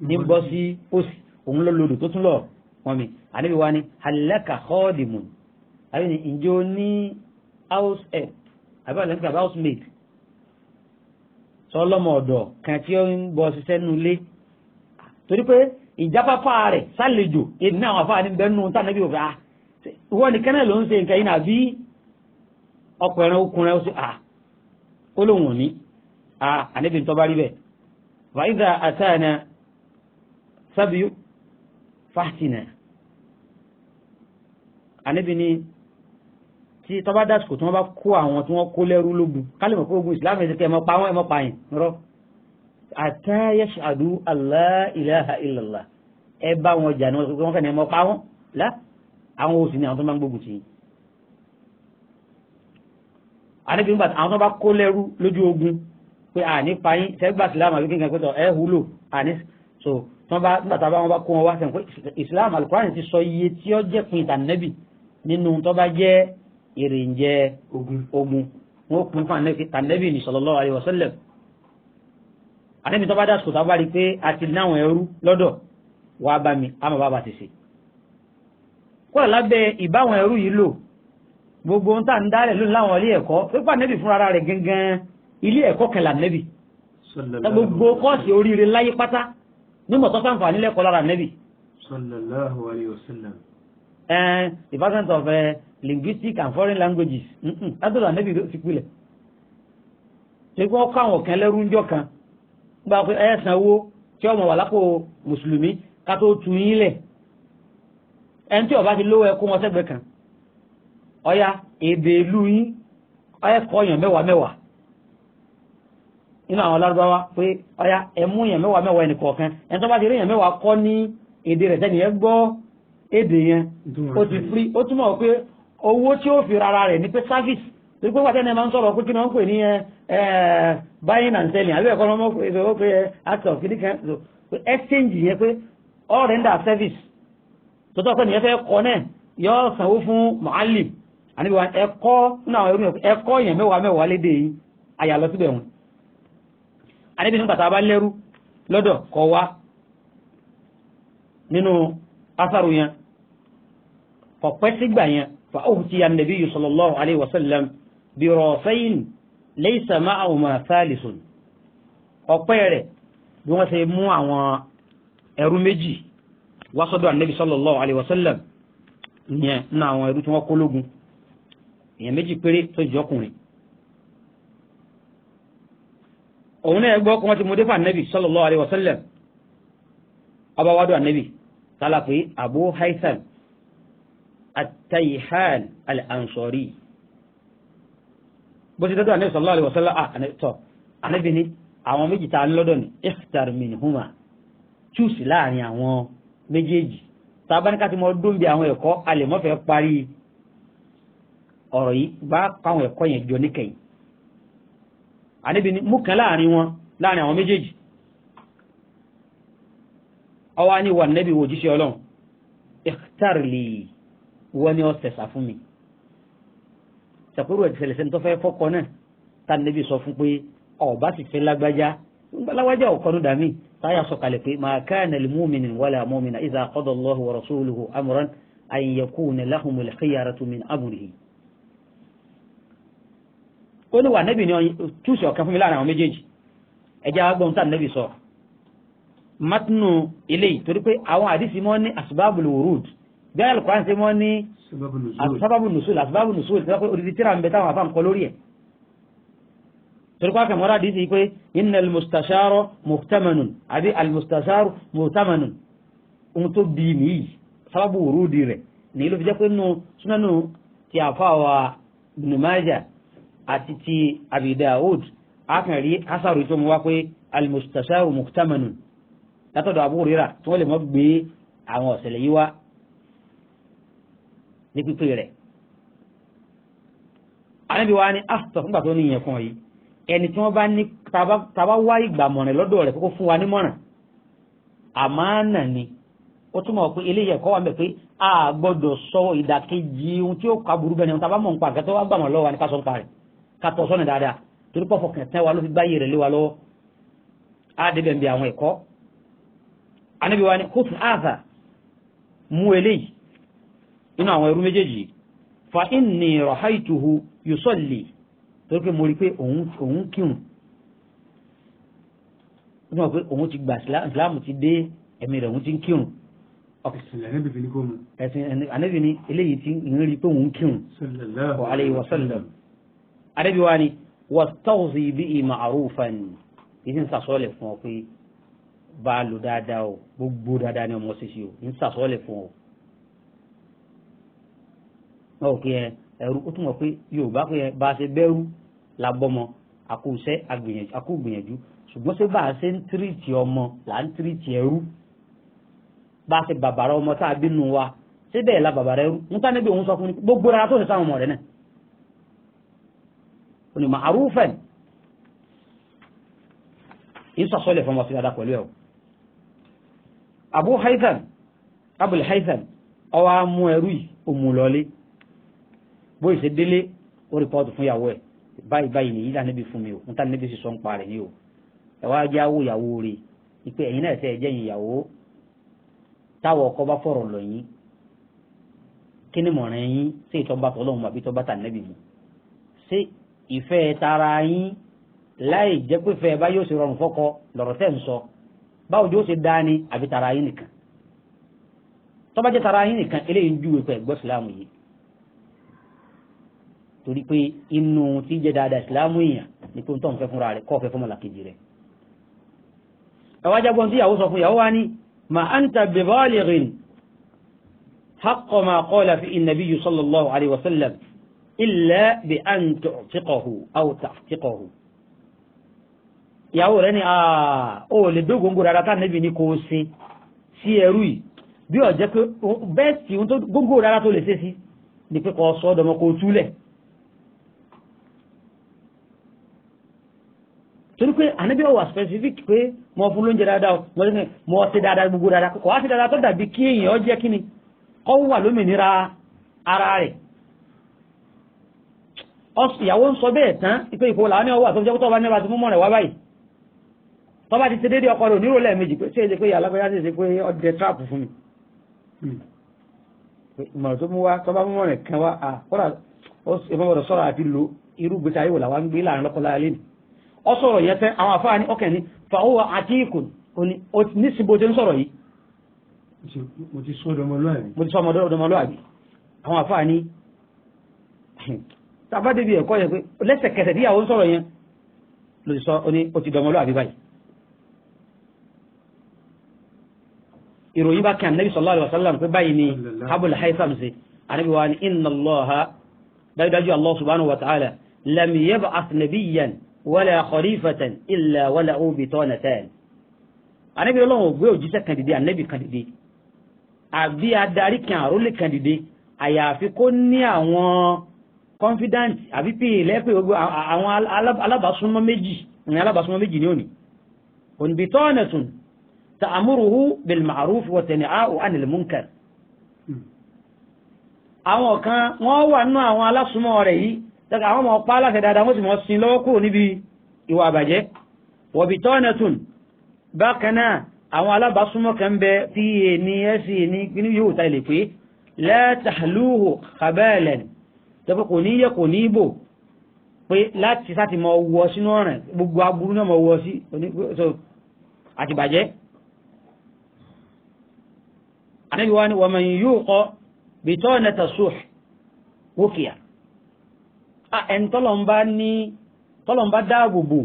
ní bọ́ sí òsì òun ló lodò tó tún lọ wọn mi anábì wa ni halaka khadimun àbí ni ìjọ ní house air àbí ọ̀lẹ́ ń pè àbá housemaid sọlọ́mọ ọ̀dọ̀ kan tí ó ń bọ̀ ṣiṣẹ́ nínú ilé torí pé ìjáfáfá rẹ̀ sálejò èdè àwọn afáàní bẹ́ẹ̀ nù tànàbí òfin ah ìwọ nìkan náà ló ń ṣe nǹkan yìí náà bí ọkùnrin okùnrin ọsẹ ah, ó lóun ò ní à àníbi ń tọ́ba rí bẹ́ẹ̀ fàyídà àtàna sábìyú fàtìnà àníbi ní tí tọ́ba dásìkò tí wọ́n bá kó àwọn tí wọ́n kó lẹ́rú lógun kálí mọ̀ pé ogun ìsìlámù ẹ̀sìn kẹ́ ẹ̀ mọ́ pa wọ́n ẹ̀ pa yẹn rọ́ àtà yashhadu alla ilaha illallah ẹ bá wọn jà ní wọn fẹ́ ni ẹ̀ mọ́ pa wọ́n lá àwọn òsì ni àwọn tó máa ń gbógun tì í. àníbi nígbà àwọn tó bá kó lẹ́rú lójú ogun pé àní payín sẹ́gbà ìsìlámù àbí kíkan pẹ́tọ̀ ẹ wúlò àní so tọ́ bá nígbà tá a bá wọn bá kó wọn wá sẹ́yìn pé ìsìlámù alukurani tí èrè ń jẹ́ ogun wọ́n pín fún tànẹ́bì ní sallallahu alaihi wasallam ànẹ́bì tó bá dá sòtá bá rí pé a ti náwọn ẹrú lọ́dọ̀ wà bá mi àmọ́ bá bá ti sè kúrò lábẹ́ ìbáwọn ẹrú yìí lò gbogbo ń tà ń dálẹ̀ lónìí láwọn ilé ẹ̀kọ́ pípa ànẹ́bì fúnra rẹ̀ gangan ilé ẹ̀kọ́ kẹlà ànẹ́bì gbogbo kọ́ọ̀sì oríire láyé pátá nímọ̀ tó sáǹfà nílẹ̀kọ́ lára ànẹ́bì sallallahu alaihi uh, department of eh, linguistic and foreign languages látọ̀dọ̀ ànábì ti pilẹ̀ ṣé kí wọ́n kọ́ àwọn kan lẹ́rú ńjọ́ kan gba pé ẹ sanwó tí ọmọ wà lápò mùsùlùmí ká tó tu yín lẹ̀ ẹni tí ó bá ti lówó ẹkún wọn sẹ́gbẹ̀ẹ́ kan ọ̀ya èdè ìlú yín ẹ̀kọ́ yàn mẹ́wàá mẹ́wàá nínú àwọn lárúbáwá pé ọ̀ya ẹ̀mú yàn mẹ́wàá mẹ́wàá ẹnì kọ̀ọ̀kan ẹni tó bá ti rí yàn mẹ́wàá kọ́ ní èdè rẹ̀ tẹ́niyẹn gbọ́ èdè yẹn ó ti free ó túmọ̀ pé owó tí ó fi rárá rẹ̀ ní pé service torí pé máa ń sọ̀rọ̀ pé kí ni wọ́n pè ní buying and selling àbí ẹ̀kọ́ ọmọ pé act of kìdí so exchange yẹn pé all render service tó tọ́ pé nìyẹn fẹ́ kọ́ náà yọ sanwó fún mu'allim àníbi wa ẹ̀kọ́ àwọn ẹ̀kọ́ yẹn mẹ́wàá mẹ́wàá yìí àyà lọ síbẹ̀ wọn àníbi lọ́dọ̀ kọ asaru yẹn kò pẹ́ sígbà yẹn fa uhtiya an-nabiyyu sallallahu alayhi wa sallam bi rasayn laysa ma'ahuma thalisun ọ̀pẹ́ rẹ̀ bí wọ́n ṣe mú àwọn ẹrú méjì wá sọ́dọ̀ ànábì sallallahu alayhi wa sallam àwọn ẹrú tí wọ́n kó lógun èèyàn méjì péré tó jẹ́ ọkùnrin òun náà gbọ́ kí wọ́n ti mú dé fún ànábì sallallahu alayhi wa sallam ọba wádùn talafi abu haitham atayhan al-ansori bó ti dọ́dọ̀ anabi sallallahu alayhi wa sallam ah, tọ́ anabi ni àwọn méjì tá a ní lọ́dọ̀ ni ikhtar min huma choose láàrin àwọn méjèèjì tá a bá ní ká ti mọ dún bí àwọn ẹ̀kọ́ a lè mọ́fẹ́ parí ọ̀rọ̀ yìí bá pàwọn ẹ̀kọ́ yẹn jọ níkẹyìn anabi ni mú kan láàrin wọn láàrin àwọn méjèèjì ọwá ní wà nẹ́bí òjíṣẹ́ ọlọ́run ikhtar li wọ́n ní ọ̀sẹ̀ sà fún mi ṣàpérò ẹ̀sẹ̀lẹ̀ sẹ́ni tó fẹ́ fọ́kọ náà tá nẹ́bí sọ fún pé ọ̀bá sì fẹ́ lágbájá lágbájá ọ̀kọ́nú dàmí táyà sọ̀kalẹ̀ pé ma kana lil mu'minin wala mu'mina idha qada Allahu wa rasuluhu amran an yakuna lahumul khiyaratu min ní wà nẹ́bí matnu eléyìí torí pé àwọn àdìsí mọ́ ní asbabul wurud bẹ́ẹ̀ alukuran ṣe mọ́ ní asababu nusul asababu nusul tí wọ́n pé odidi tíra ń bẹ táwọn afáǹkọ́ lórí ẹ̀ torí pé akẹ́ mọ́ra àdìsí pé inna almustasharo muhtamanun àbí almustasharo muhtamanun ohun tó bí mi yìí sababu wurudi rẹ̀ ní ló fi jẹ́ pé nù súnánù ti àfáwà ibn àti ti abi akẹ́rí hasaru tó mu wá pé almustasharo muhtamanun látọ̀dọ̀ Abu Hurairah tí wọ́n lè mọ́ gbé àwọn ọ̀sẹ̀lẹ̀ yìí wá ní pípé rẹ̀ anábì wa ni ah sọ fúngbà tó ní ìyẹn kan yìí ẹni tí wọ́n bá ní tàbá wá ìgbàmọ̀ràn lọ́dọ̀ rẹ̀ kókó fún wa nímọ̀ràn àmánà ni ó túmọ̀ pé eléyìí ẹ̀kọ́ wa mẹ́ pé a gbọ́dọ̀ sọ ìdàkejì ohun tí ó ka burú bẹ́ẹ̀ ni tàbá mọ̀ nípa àgẹ́tọ́ wa gbàmọ̀ lọ́wọ́ wa ní ká sọ nípa rẹ̀ ká tọ́ sọ́nà dáadáa torí pọ̀ fọkàn tẹ́ wa ló fi gbáyé rẹ̀ lé wa lọ́wọ́ á débẹ̀ ń bi àwọn ẹ̀kọ́ anábì wa ni hus aza mú eléyìí inú àwọn ẹrú méjèèjì fa inni rahaituhu yusalli torí pé mo rí pé òun kírun ó mọ̀ pé òun ti gbà ìsìláàmù ti dé ẹ̀mí rẹ̀ òun ti ń kírun ẹ̀sìn ànábì ni eléyìí ti ń rí pé òun kírun wa alayhi wa sallam ànábì wa ni wastawzi bihi ma'rufan ìdí ń sàsọ́ọ̀lẹ̀ fún ọ pé bá a lò dáadáa o gbogbo dáadáa ni ọmọ ṣíṣe o ń sàsọ́ọ̀lẹ̀ fún o. wọn ò kí ẹ ẹrú ó túmọ̀ pé yorùbá pé ẹ bá a ṣe bẹ́rù la bọ́mọ àkóṣe àkógbìyànjú ṣùgbọ́n ṣé bá a ṣe ń tírìtì ọmọ là ń tírìtì ẹrú bá a ṣe bàbàrà ọmọ tá a bínú wa ṣé bẹ́ẹ̀ la bàbàrà ẹrú ń tá níbi òun sọ fún mi gbogbo rárá tó ṣe sáwọn ọmọ rẹ náà onímọ̀ àrùfẹ́ ń sọ̀sọ́lẹ̀ fún ọmọ sí dáadáa pẹ̀lú ẹ̀ o abu haitham abul haitham ọwọ́ amú ẹrú yìí òmùlọ́lé bó ṣe délé ó rìpọ́ọ̀tù fún ìyàwó ẹ̀ báyìí báyìí nìyí lànà bí fún mi o níta níbi sísọ ń parẹ́ ni o ẹ wá jẹ́ àwọ̀ ìyàwó rẹ̀ ìpè ẹ̀yin náà ṣe ẹ̀jẹ̀ ìyàwó táwọn ọkọ bá fọ̀rọ̀ lọ yín kí ni mọ̀ràn yín ṣé ìtọ́ba tọ́lọ́hún àbí ìtọ́ba tà nẹ́bì mu ṣé ìfẹ́ tara yín láì jẹ́ pé fẹ́ bá yóò rọrùn fọ́kọ lọ́rọ̀ tẹ́ ń sọ báwo ni ó ṣe dá ní àbí tara yín nìkan tó bá jẹ́ tara yín nìkan eléyìí ń júwe pẹ̀ gbọ́ ìsìláàmù yìí torí pé inú tí jẹ́ dáadáa ìsìláàmù èèyàn ni pé tó ń fẹ́ fúnra rẹ̀ kọ́ fẹ́ fún ọmọlàkejì rẹ̀ ẹwà jágbọ́n tí ìyàwó sọ fún ìyàwó wa ní ma anta bibalighin haqqa ma qala fi an-nabiyyu sallallahu alayhi wa sallam illa bi an tu'tiqahu aw ta'tiqahu ìyàwó rẹ ni ó ah, lè dó góńgó rárá tá níbi ní kò ṣe sí ẹrú yìí bí ó jẹ́ pé bẹ́ẹ̀ tí ohun tó góńgó rárá tó lè ṣe sí ni pé kò sọ ọdọmọ kò túlẹ̀ torí pé ànábì ọwà specific pé mo fún lóúnjẹ dáadáa mo ṣe dáadáa gbogbo dáadáa kò wá ṣe dáadáa tó dàbí kí èèyàn jẹ́ kí ni kọ́ wà lómìnira ara rẹ̀ ìyàwó ń sọ bẹ́ẹ̀ tán pé ìfowópamọ́ àwọn ọwọ́ àtọ́jọ́ tó bá ní ọba ti mú mọ́ rẹ̀ wá báyìí tọ́ba ti ṣe déédéé ọkọ rẹ̀ onírò lẹ́ẹ̀mejì pé ṣé é ṣe pé alágbèyá ṣe é ṣe pé ọdẹ trap fún mi ìmọ̀ràn hmm. tó mú wá tọ́ba mú mọ̀ràn kan wá à kọ́ra ìmọ̀ràn sọ̀rọ̀ àti lo irú gbèsè ayé wò làwọn ń gbé láàrin lọ́kọ́láyà lẹ́nu ọ sọ̀rọ̀ yẹn tẹ́ àwọn àfáà ní ọkẹ́ ni fàáwọ̀ àti ìkùn nísìbò tó ń sọ̀rọ̀ yìí mo ti sọ ọdọmọlúwàbí àwọn àfáà ní tàbá débi ẹ̀kọ́ yẹn pé lẹ́sẹ̀kẹsẹ̀ tíyàwó ń sọ̀rọ̀ yẹn ló ti sọ ó ní ó ti dọmọlúwàbí báyìí ìròyìn bá kí anabi sallallahu alayhi wa sallam pé báyìí ni abul haitham ṣe anabi wa ni inna allah dájúdájú allah subhanahu wa ta'ala lam yab'ath nabiyyan wala khalifatan illa wala obi tọ́nà tẹ́ẹ̀lì anabi ọlọ́run ògbé òjíṣẹ́ kan dìde anabi kan dìde àbí adarí kan àrólé kan dìde àyàfi kó ní àwọn confidant àbí pé lẹ́pẹ́ gbogbo àwọn alábàásúnmọ́ méjì ní alábàásúnmọ́ méjì ní òní òní bí ta'amuruhu bil ma'ruf wa tan'a'u 'anil munkar hmm. àwọn kan wọ́n wà nínú àwọn alásùmọ̀ rẹ̀ yìí daga àwọn ọmọ pa láti dáadáa wọ́n sì mọ́ sin lọ́wọ́ kúrò níbi ìwà àbàjẹ́ wọ̀bí tọ́nẹ̀tùn bákanáà àwọn alábàásùmọ̀ kan bẹ tí è ní ẹ́sì ní kíní yóò ta ilẹ̀ pé látàlúhù kàbẹ́ẹ̀lẹ̀ tẹ́fẹ́ kò ní yẹ kò ní ibò pé láti sáti mọ wọ sínú ọ̀rìn gbogbo aburú náà mọ wọ sí àtìbàjẹ́ ànábì wa ni waman yuqa bitanata suh wókìá ẹni tọ́lọ̀mbá ní tọ́lọ̀mbá dáàbòbò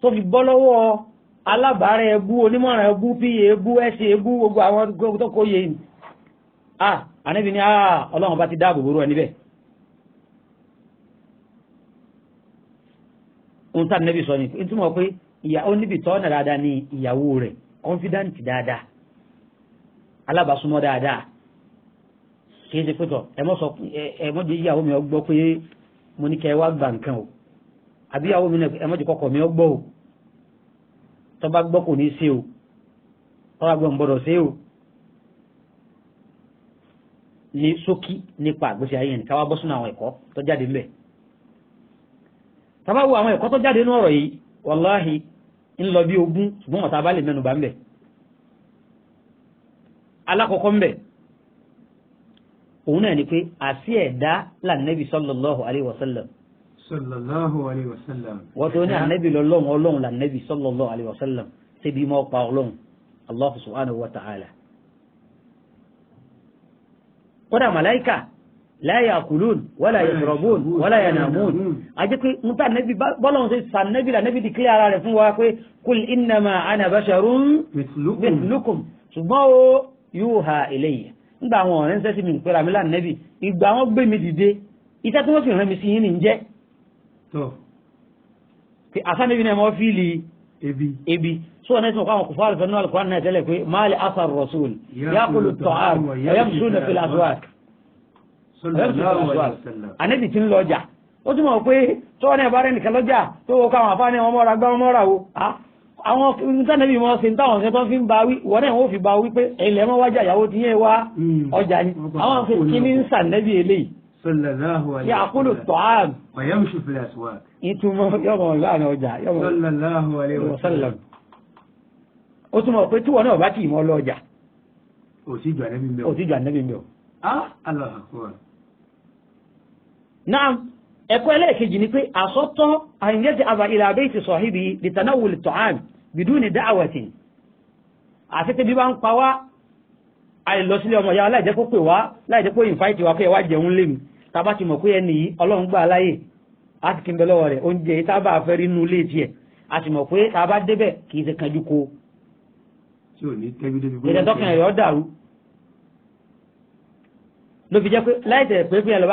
tó fi bọ́ lọ́wọ́ alábàárẹ̀ ẹbú onímọ̀ràn ẹbú pí ẹbú ẹsẹ̀ ẹbú gbogbo àwọn tó kó yẹ ni ah ànábì ni ah ọlọ́run bá ti dáàbòbò rú ẹni bẹ́ẹ̀ ohun tá ànábì sọ ni ìtumọ̀ pé ìyá ó níbi tọ́ ọ̀nà ni ìyàwó rẹ̀ confident dáadáa alábàásúmọ́ dáadáa kìí ṣe pẹ́tọ̀ ẹmọ́ jẹ́ ìyàwó mi ọgbọ́ pé mo ní o àbí ìyàwó mi náà ẹmọ́ jẹ́ kọ́kọ́ mi ọgbọ́ o tó bá gbọ́ kò ní ṣe o tó bá gbọ́ ń gbọ́dọ̀ ṣe o ní ṣókí nípa àgbésí ayé ẹnì káwá bọ́ sínú àwọn ẹ̀kọ́ tó jáde ńbẹ̀ tá bá wo àwọn ẹ̀kọ́ tó jáde alákọ̀ọ́kọ́ ń bẹ̀ òun náà ni pé àti ẹ̀dá lànàbí sallallahu alayhi wa sallam. sallallahu alayhi wa sallam. wọ́n tó ní ànábì lọ́lọ́run ọlọ́run lànàbí sallallahu alayhi wa sallam síbi mọ́ pa ọlọ́run allah subhanahu wa ta'ala. kódà màláìkà la yaakulun wala yashrabun wala yanamun ajẹ́ pé ń ta nẹ́bí bọ́lọ́run ṣe sa nẹ́bí la nẹ́bí dìkílẹ̀ ara rẹ̀ fún wa pé kul innama ana basharun mithlukum ṣùgbọ́n o yóò ha eléyìí nígbà àwọn ọ̀rẹ́ ń sẹ́sí mi ìpẹ́ra mi lánàbì ìgbà wọn gbé mi dìde iṣẹ́ tí wọ́n fi rán mi sí yín ní jẹ́ àsánibí náà ebi so ọ̀nà ìsìnkú àwọn kòfààrù fẹ́ náà alukóra náà tẹ́lẹ̀ pé máàlì asar rasul yakulu tọ́hár ń lọ́jà ó pé lọ́jà tó kọ́ àwọn wọn mọ́ra mọ́ra àwọn ìtànẹ́bí mọ́ sí táwọn ọ̀sẹ̀ tó fi ń ba wí wọ́n náà wọ́n fi ba wí pé ilẹ̀ mọ́ wájà ìyàwó ti yẹn wá hmm. ọjà ni àwọn afẹ́kí ní ń sànẹ́bí eléyìí. sallallahu alayhi wa sallam yaqulu at-ta'am wa yamshi fil aswaq. ìtumọ̀ yọmọ ìlànà ọjà yọmọ sallallahu alayhi wa sallam. ó túmọ̀ pé tíwọ́ náà bá tì mọ́ lọ ọjà. òtíjọ ànẹ́bí mi ẹ̀kọ́ ẹlẹ́ẹ̀kejì ni pé àsọ́tọ́ àyíyẹ́sì àbà ilẹ̀ àbẹ́yìtì sọ̀híbi lìtànáwòlì tọ̀hán bìdú ní dáàwẹ̀tì àti tẹ́bí bá ń pa wá àìlọsílẹ̀ ọmọ ya láìjẹ́ kó pè wá láìjẹ́ kó ìfáìtì wá pé wá jẹun lémi tàbá ti mọ̀ pé ẹni yìí ọlọ́run gbà láyè á ti kí n bẹ lọ́wọ́ rẹ̀ oúnjẹ